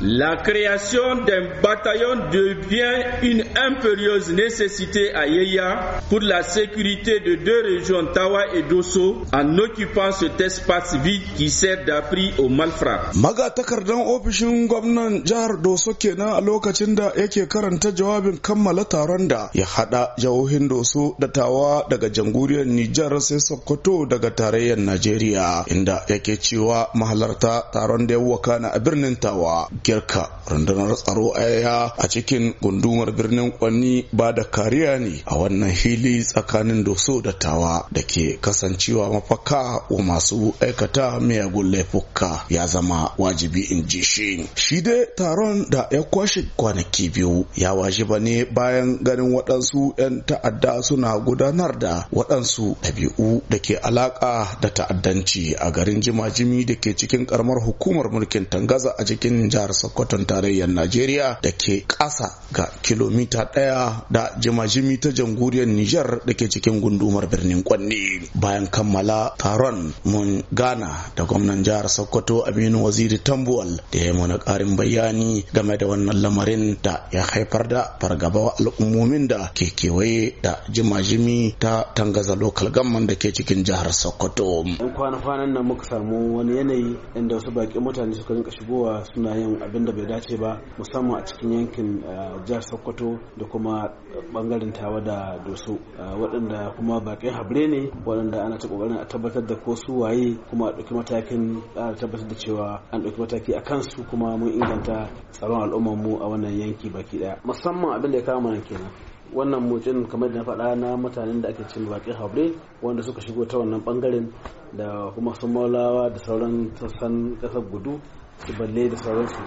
La création d'un bataillon devient une impérieuse nécessité à Yeya pour la sécurité de deux régions, Tawa et Dosso, en occupant cet espace vide qui sert d'appui aux malfrats. Maga takardan ofishin gwamnan jihar Dosso kenan a lokacin da yake karanta jawabin kammala taron da ya hada jihohin Dosso da Tawa daga jamhuriyar Nijar sai Sokoto daga tarayyar Najeriya inda yake cewa mahalarta taron da ya wakana a birnin Tawa dukiyarka rundunar tsaro aya a cikin gundumar birnin kwanni ba da kariya ne a wannan hili tsakanin doso da tawa da ke kasancewa mafaka wa masu aikata miyagun laifuka ya zama wajibi in ji shi shi dai taron da ya kwashe kwanaki biyu ya wajiba ne bayan ganin waɗansu 'yan ta'adda suna gudanar da waɗansu ɗabi'u da ke alaƙa da ta'addanci a garin jimajimi da ke cikin ƙaramar hukumar mulkin tangaza a cikin jihar sokoton tarayyar najeriya da ke ƙasa ga kilomita ɗaya da jimajimi ta jamhuriyar nijar da ke cikin gundumar birnin kwanne bayan kammala taron mun gana da gwamnan jihar sokoto aminu waziri tambuwal da ya mana ƙarin bayani game da wannan lamarin da ya haifar da fargaba al'ummomin da ke kewaye da jimajimi ta tangaza lokal gamman da ke cikin jihar sokoto kwana-kwanan nan muka samu wani yanayi inda wasu baƙin mutane suka rinka shigowa suna yin abin da bai dace ba musamman a cikin yankin eh, jihar sokoto da kuma bangaren tawa da doso eh, waɗanda kuma baƙin habre ne waɗanda ana ta ƙoƙarin a tabbatar da ko su waye kuma a ɗauki matakin a tabbatar da cewa an ɗauki mataki a kansu kuma mun inganta tsaron mu a wannan yanki baki ɗaya musamman abin da ya kama nan kenan wannan motsin kamar da na faɗa na mutanen da ake cin baƙin habre wanda suka shigo ta wannan bangaren da kuma sun maulawa da sauran sassan ƙasar gudu su balle da sauransu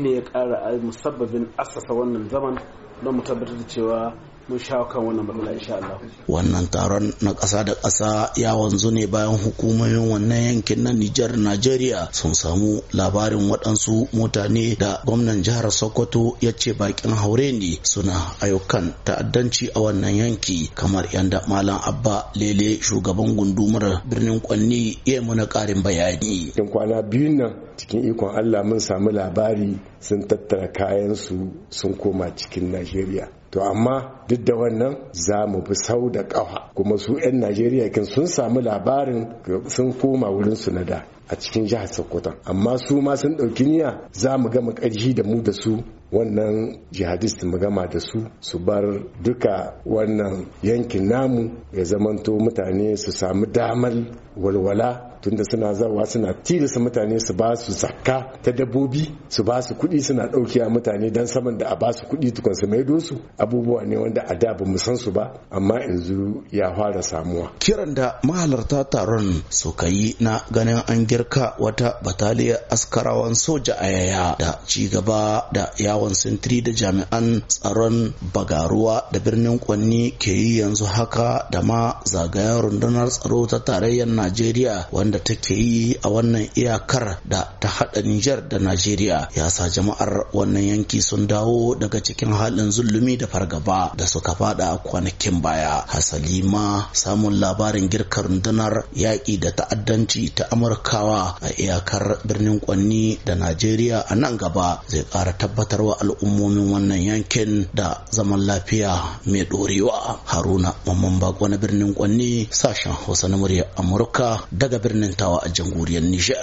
ne ya ƙara musabbabin asasa wannan zaman don mu tabbatar da cewa wannan taron na ƙasa da ƙasa ya wanzu ne bayan hukumomin wannan yankin na Nijar Najeriya sun samu labarin waɗansu mutane da gwamnan jihar Sokoto ya ce bakin haure ne suna ayyukan ta'addanci a wannan yanki kamar yadda Malam Abba Lele shugaban gundumar birnin Kwanni ya muna ƙarin bayani. Cikin kwana biyun nan cikin ikon Allah mun samu labari sun tattara kayansu sun koma cikin Najeriya. to amma duk da wannan za mu bi sau da ƙafa kuma su 'yan najeriya kin sun samu labarin sun koma wurin su na da a cikin jihar sokoto amma su ma sun ɗauki niyya za mu gama ƙarshi da mu da su wannan jihadist mu gama da su su bar duka wannan yankin namu ya zamanto mutane su samu damar walwala tunda suna zarwa suna tilasta mutane su ba su zakka ta dabbobi su ba su kuɗi suna ɗaukewa mutane don saman da a ba su kuɗi tukun su maido su abubuwa ne wanda a da ba san su ba amma yanzu ya fara samuwa. Kiran da mahalarta taron suka yi na ganin an girka wata bataliyar askarawan soja a yaya da ci gaba da yawon sintiri da jami'an tsaron bagaruwa da birnin kwanni ke yi yanzu haka da ma zagayen rundunar tsaro ta tarayyar Najeriya wanda da take yi a wannan iyakar da ta haɗa Nijar da Najeriya ya sa jama'ar wannan yanki sun dawo daga cikin halin zulumi da fargaba da suka fada kwanakin baya. Hasali ma samun labarin girkar rundunar yaƙi da ta'addanci ta Amurkawa a iyakar birnin Kwanni da Najeriya a nan gaba zai ƙara tabbatar wa al'ummomin wannan yankin da zaman lafiya mai ɗorewa. Haruna Mamman Bako na birnin Kwanni sashen Hausa na murya Amurka daga birnin tsanantawa a jamhuriyar Nijar.